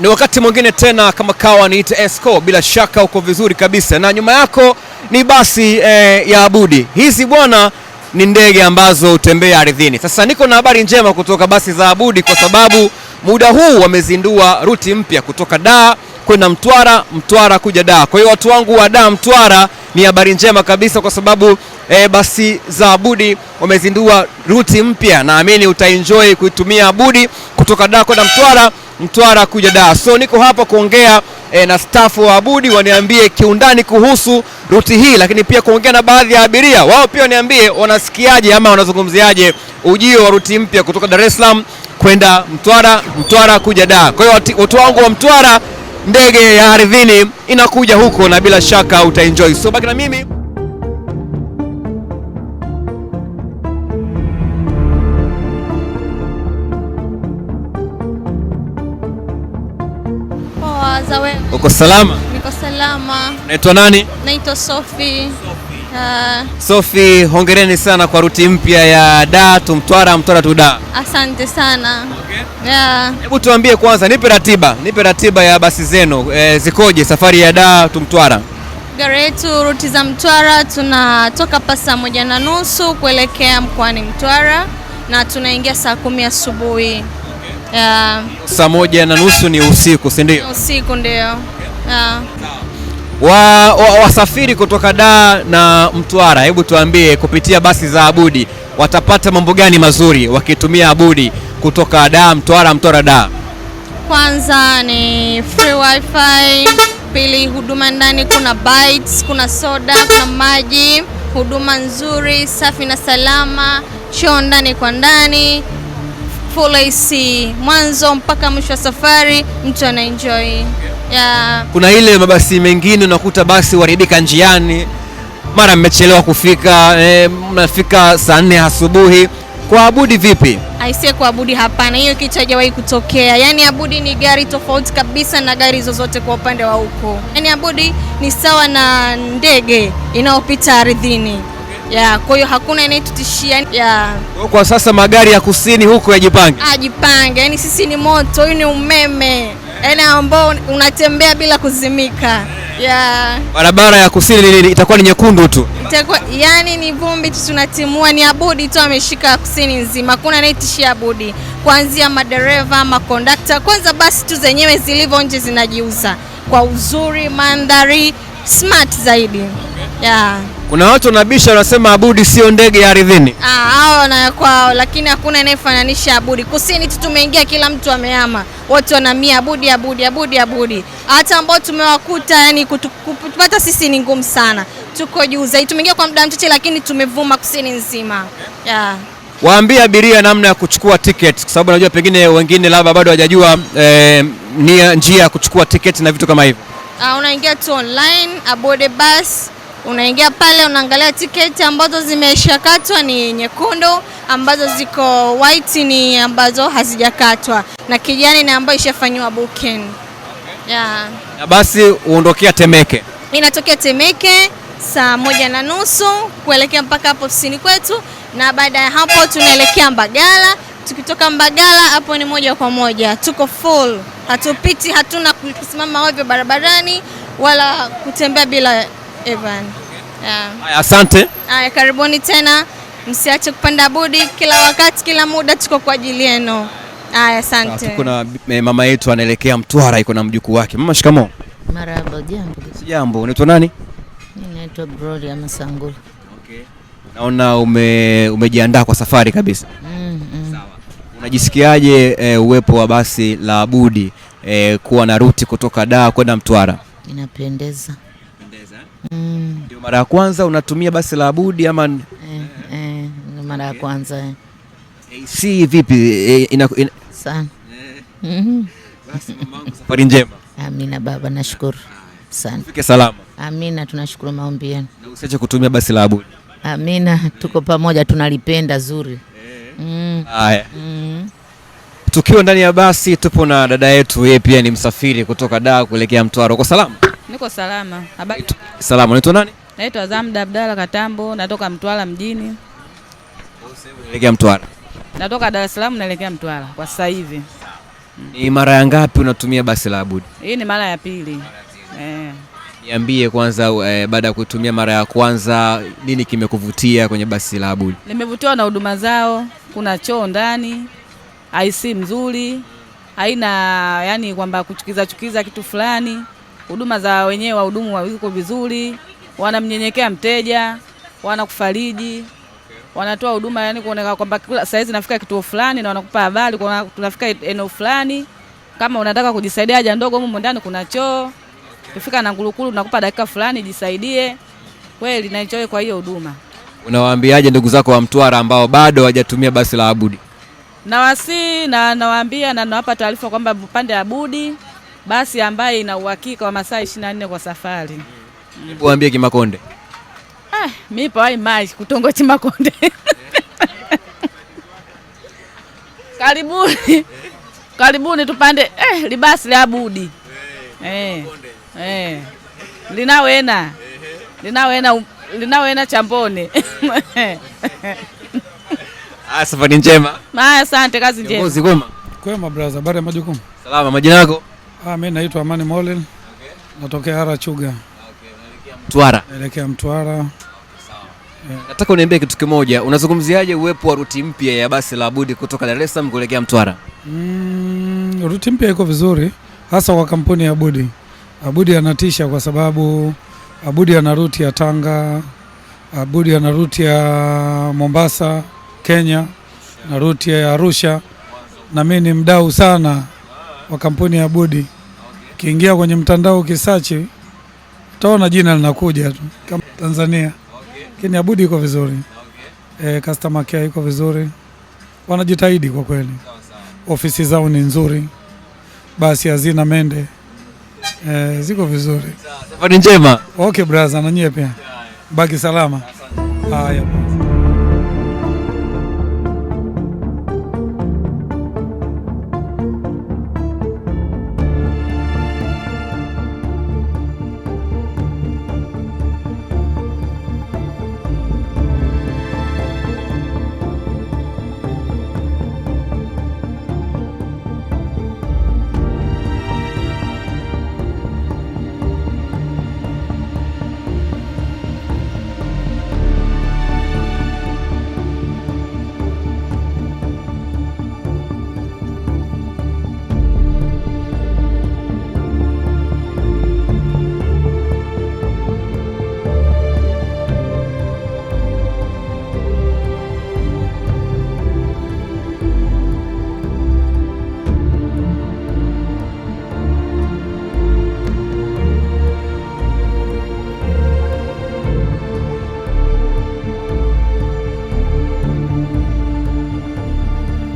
Ni wakati mwingine tena kama kawa niite Esco, bila shaka uko vizuri kabisa, na nyuma yako ni basi eh, ya Abudi. Hizi bwana ni ndege ambazo hutembea ardhini. Sasa niko na habari njema kutoka basi za Abudi kwa sababu muda huu wamezindua ruti mpya kutoka Dar kwenda Mtwara, Mtwara kuja Dar. Kwa hiyo watu wangu wa Dar Mtwara, ni habari njema kabisa kwa sababu eh, basi za Abudi wamezindua ruti mpya, naamini utaenjoy kuitumia Abudi kutoka Dar kwenda Mtwara Mtwara kuja Dar. So niko hapa kuongea e, na stafu wa Abudi waniambie kiundani kuhusu ruti hii, lakini pia kuongea na baadhi ya abiria wao, pia waniambie wanasikiaje ama wanazungumziaje ujio wa ruti mpya kutoka Dar es Salaam kwenda Mtwara, Mtwara kuja Dar. Kwa hiyo watu wangu wa Mtwara, ndege ya ardhini inakuja huko na bila shaka utaenjoy. So baki na mimi. Kwanza wewe? Uko salama? Niko salama. Naitwa nani? Naitwa Sophie. Uh, Sophie, hongereni sana kwa ruti mpya ya da tumtwara mtwara tu da. Asante sana. Okay. Yeah. Hebu tuambie kwanza, nipe ratiba, nipe ratiba ya basi zenu e, zikoje safari ya da tumtwara? Gari yetu ruti za Mtwara tunatoka pa saa moja na nusu kuelekea mkoani Mtwara na tunaingia saa kumi asubuhi. Yeah. Saa moja na nusu ni usiku, si ndio? Usiku ndio. Yeah. Wa, wa, wasafiri kutoka Dar na Mtwara, hebu tuambie kupitia basi za Abudi watapata mambo gani mazuri wakitumia Abudi kutoka Dar Mtwara, Mtwara Dar? Kwanza ni free wifi, pili huduma ndani, kuna bites, kuna soda, kuna maji, huduma nzuri, safi na salama, choo ndani kwa ndani full AC mwanzo mpaka mwisho wa safari, mtu ana enjoy yeah. Kuna ile mabasi mengine unakuta basi huharibika njiani, mara mmechelewa kufika eh, mnafika saa nne asubuhi kwa Abudi vipi? Aisee, kwa Abudi hapana, hiyo kitu haijawahi kutokea. Yaani Abudi ni gari tofauti kabisa na gari zozote kwa upande wa huko. Yaani Abudi ni sawa na ndege inayopita ardhini ya kwa hiyo hakuna anayetutishia ya. Kwa sasa magari ya kusini huko yajipange, ajipange. Yaani sisi ni moto, huyu ni umeme yani ambao unatembea bila kuzimika ya. Barabara ya kusini itakuwa ni nyekundu tu, yani ni vumbi tu, tunatimua ni abudi tu ameshika kusini nzima, hakuna anayetishia abudi, kuanzia madereva, makondakta. Kwanza basi tu zenyewe zilivyo nje zinajiuza kwa uzuri, mandhari smart zaidi. Yeah. Kuna watu wanabisha wanasema Abudi sio ndege ya ardhini. Ah, hao kwao, lakini hakuna anayefananisha Abudi. Kusini tu tumeingia, kila mtu ameama, wote wanamia Abudi, Abudi, Abudi, Abudi, hata ambao tumewakuta yani kupata sisi ni ngumu sana. Tuko juu zaidi, tumeingia kwa muda mchache, lakini tumevuma kusini nzima yeah. Waambie abiria namna ya kuchukua tiketi, kwa sababu najua pengine wengine labda bado hawajajua eh, nia njia ya kuchukua tiketi na vitu kama hivyo. Ah, unaingia tu online abode bus unaingia pale unaangalia tiketi ambazo zimeshakatwa ni nyekundu, ambazo ziko white ni ambazo hazijakatwa, na kijani ni ambayo ishafanyiwa booking. Yeah. Na basi uondokea Temeke, inatokea Temeke saa moja na nusu kuelekea mpaka hapo ofisini kwetu, na baada ya hapo tunaelekea Mbagala. Tukitoka Mbagala hapo ni moja kwa moja, tuko full, hatupiti, hatuna kusimama ovyo barabarani wala kutembea bila Evan. Yeah. Asante. Aya, karibuni tena, msiache kupanda budi, kila wakati, kila muda tuko kwa ajili yenu. aya asante. Ah, tuko eh, mama yetu anaelekea Mtwara, iko na mjukuu wake. Mama, shikamo. Marhaba. Jambo. Jambo. Unaitwa nani? Ninaitwa Gloria Masangula. Okay. Naona ume umejiandaa kwa safari kabisa. Mm, mm. Sawa. Unajisikiaje e, uwepo wa basi la Budi e, kuwa na ruti kutoka Dar kwenda Mtwara? Inapendeza. Ndio mara ya kwanza unatumia basi la Abudi ama eh, eh, mara ya okay. kwanza eh. AC vipi eh, ina, ina... sana eh. Mhm. Basi mamangu, safari njema. Amina baba, nashukuru sana. Fike salama. Amina, tunashukuru maombi yenu. Na usiache kutumia basi la Abudi. Amina, tuko pamoja, tunalipenda zuri eh. mm. Haya. mm. Tukiwa ndani ya basi tupo na dada yetu, yeye pia ni msafiri kutoka Dar kuelekea Mtwara. Uko salama? Niko salama. Habari? Salama. Unaitwa nani? Naitwa Zamda Abdalla Katambo, natoka Mtwara mjini. Oh, unaelekea Mtwara? Natoka Dar es Salaam naelekea Mtwara kwa sasa hivi. Ni mara ya ngapi unatumia basi la Abudi? Hii ni mara ya pili. Eh. Niambie kwanza eh, baada ya kutumia mara ya kwanza nini kimekuvutia kwenye basi la Abudi? Nimevutiwa na huduma zao, kuna choo ndani, IC mzuri, haina yani kwamba kuchukiza chukiza kitu fulani huduma za wenyewe wahudumu wako vizuri, wanamnyenyekea mteja, wanakufariji wanatoa huduma yani, kuoneka kwamba saa hizi nafika kituo fulani na wanakupa habari kwa tunafika eneo fulani, kama unataka kujisaidia haja ndogo, humo ndani kuna choo, ukifika na ngulukulu tunakupa dakika fulani jisaidie. Kweli naichoe. Kwa hiyo huduma, unawaambiaje ndugu zako wa Mtwara ambao bado hawajatumia basi la Abudi? Nawasii na nawaambia na nawapa taarifa kwamba pande ya Abudi basi ambaye ina uhakika wa masaa 24 kwa safari. Mm. Hebu Kimakonde. Ah, mimi pa wai mai Karibuni. Karibuni tupande eh, libasi la budi Eh. Eh. eh. Linawena. Linawena linawena Chambone. Ah, safari njema. Asante, kazi njema. kwema. Kwema brother, baada ya majukumu. Salama, majina yako? Ah, mimi naitwa Amani Molen. Okay. Natokea Harachuga. Okay, Mtwara. Naelekea Mtwara. Yeah. Nataka uniambie kitu kimoja, unazungumziaje uwepo wa ruti mpya ya basi la Abudi kutoka Dar es Salaam kuelekea Mtwara? Mm, ruti mpya iko vizuri hasa kwa kampuni ya Abudi. Abudi anatisha kwa sababu Abudi ana ruti ya Tanga, Abudi ana ruti ya Mombasa, Kenya na ruti ya Arusha, na mimi ni mdau sana wa kampuni ya Budi. Ukiingia kwenye mtandao ukisachi utaona jina linakuja tu kama Tanzania, lakini Abudi iko vizuri e, customer care iko vizuri, wanajitahidi kwa kweli. Ofisi zao ni nzuri, basi hazina mende e, ziko vizuri. Safari njema. Okay brother, na nyie pia baki salama. Haya.